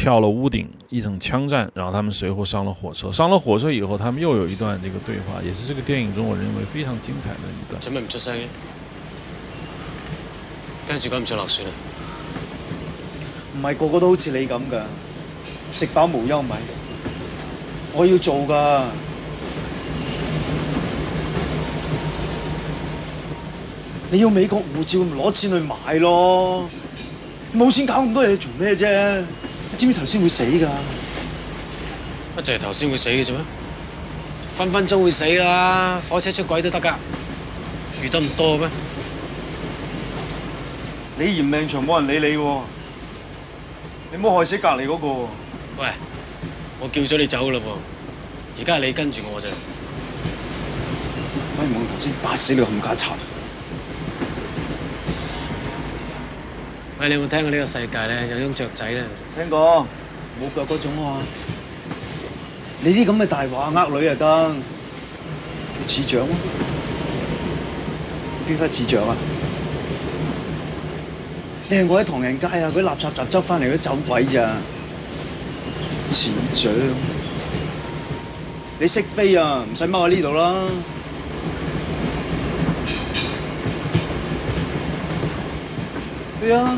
跳了屋頂，一場槍戰，然後他們隨後上了火車。上了火車以後，他們又有一段這個對話，也是這個電影中我認為非常精彩的一段。怎麼唔出聲？跟住講唔想落船啊？唔係個個都好似你咁噶，食飽無憂米。我要做噶，你要美國護照，攞錢去買咯。冇錢搞咁多嘢做咩啫？你知唔知頭先會死㗎？乜就係頭先會死嘅咋咩？分分鐘會死啦，火車出軌都得㗎。遇得唔多咩？你嫌命長，冇人理你喎。你唔好害死隔離嗰個！喂，我叫咗你走喎！而家係你跟住我啫。喂，我頭先打死你個冚家鏟！你有冇聽過呢個世界呢有種雀仔呢？有呢，聽過，冇腳嗰種啊！你啲咁嘅大話呃女就得，似雀嗎？邊忽似雀啊？你係我喺唐人街啊！佢垃圾雜誌執翻嚟，都走鬼咋，啊？似雀，你識飛啊？唔使踎喺呢度啦！對啊，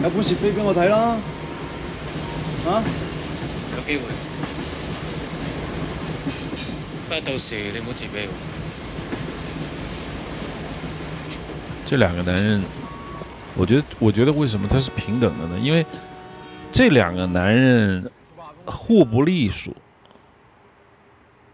要不跟我啊，有本事飛俾我睇啦，吓？有機會。不過到時你冇自卑。這兩個男人，我覺得，我覺得為什麼他是平等的呢？因為這兩個男人互不隸屬。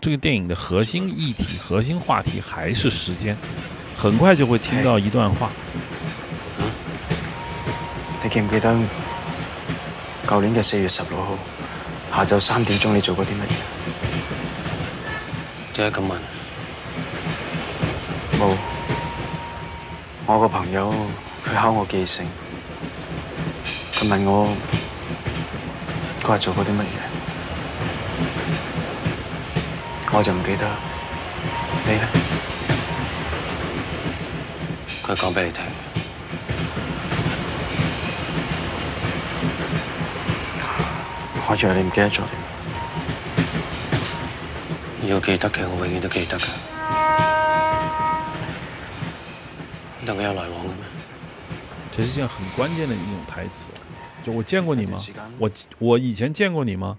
這個電影的核心議題、核心話題還是時間，很快就會聽到一段話。哎、你記唔記得舊年嘅四月十六號下晝三點鐘你做過啲乜嘢？點解咁問？冇，我個朋友佢考我記性，佢問我嗰日做過啲乜嘢。我就唔記得，你咧？佢講俾你聽。啊，我以為你唔記得咗。你要記得嘅，我永遠都記得。兩個有來往嘅咩？這是一件很關鍵的一種台詞，就我見過你嗎？我我以前見過你嗎？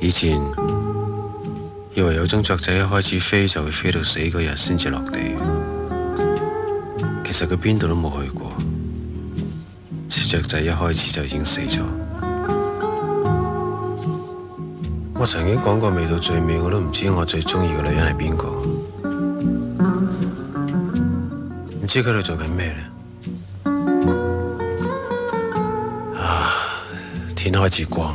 以前以為有種雀仔一開始飛就會飛到死，嗰日先至落地。其實佢邊度都冇去過，小雀仔一開始就已經死咗。我曾經講過，未到最尾我都唔知我最鍾意嘅女人係邊個。唔知佢喺度做緊咩呢？啊，天開始光。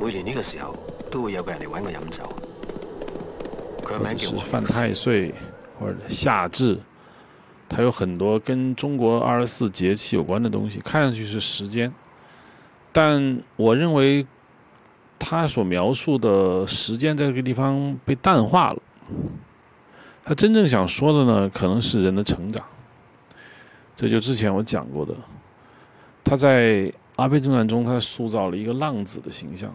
每年呢個時候都會有人來個人嚟揾我飲酒，佢個名叫犯太歲或者夏至，他有很多跟中國二十四節氣有關的東西，看上去是時間，但我認為他所描述的時間在這個地方被淡化了。他真正想說的呢，可能是人的成長。這就之前我講過的，他在《阿飛正傳》中，他塑造了一個浪子的形象。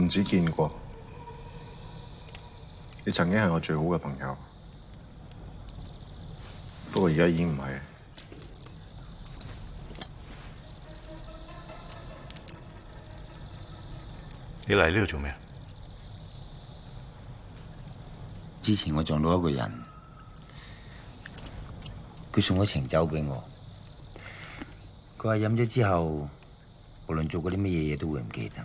唔止見過，你曾經係我最好嘅朋友，不過而家已經唔係。你嚟呢度做咩？之前我撞到一個人，佢送咗埕酒俾我，佢話飲咗之後，無論做過啲乜嘢嘢都會唔記得。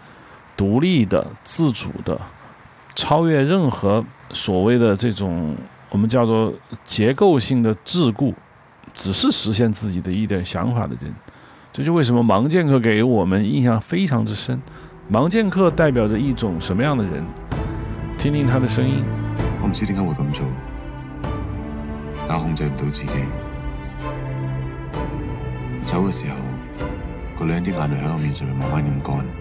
獨立的、自主的，超越任何所謂的這種我們叫做結構性的桎梏，只是實現自己的一點想法的人，這就為什麼盲劍客給我們印象非常之深。盲劍客代表着一種什麼樣的人？聽聽他的聲音。我唔知點解會咁做，但係控制唔到自己。走嘅時候，佢兩滴眼淚喺我面上面會慢慢咁乾。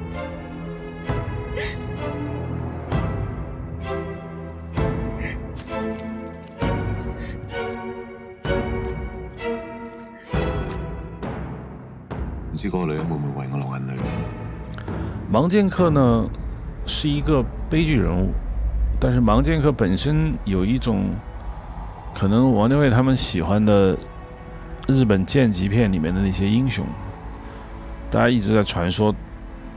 唔知嗰個女人會唔會為我流眼淚？盲劍客呢是一個悲劇人物，但是盲劍客本身有一種，可能王家衛他們喜歡的日本劍戟片裡面的那些英雄，大家一直在傳說。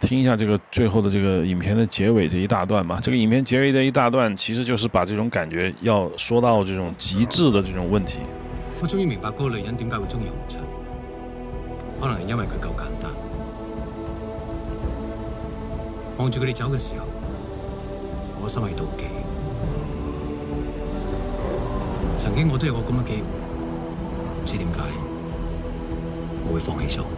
聽一下這個最後的這個影片的結尾這一大段嘛，這個影片結尾的一大段其實就是把這種感覺要說到這種極致的這種問題。我終於明白嗰個女人點解會鍾意洪七，可能係因為佢夠簡單。望住佢哋走嘅時候，我心係妒忌。曾經我都有過咁嘅機會，唔知點解我會放棄咗。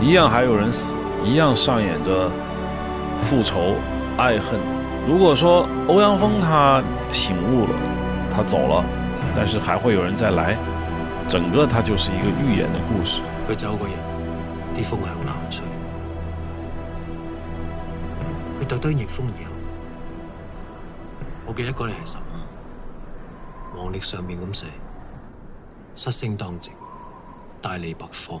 一樣還有人死，一樣上演着復仇、愛恨。如果說歐陽鋒他醒悟了，他走了，但是還會有人再來。整個他就是一個預言的故事。佢走嘅日，啲風向南吹。佢特登逆風以後，我記得嗰日係十五，黃曆上面咁寫，失聲當值，大利北方。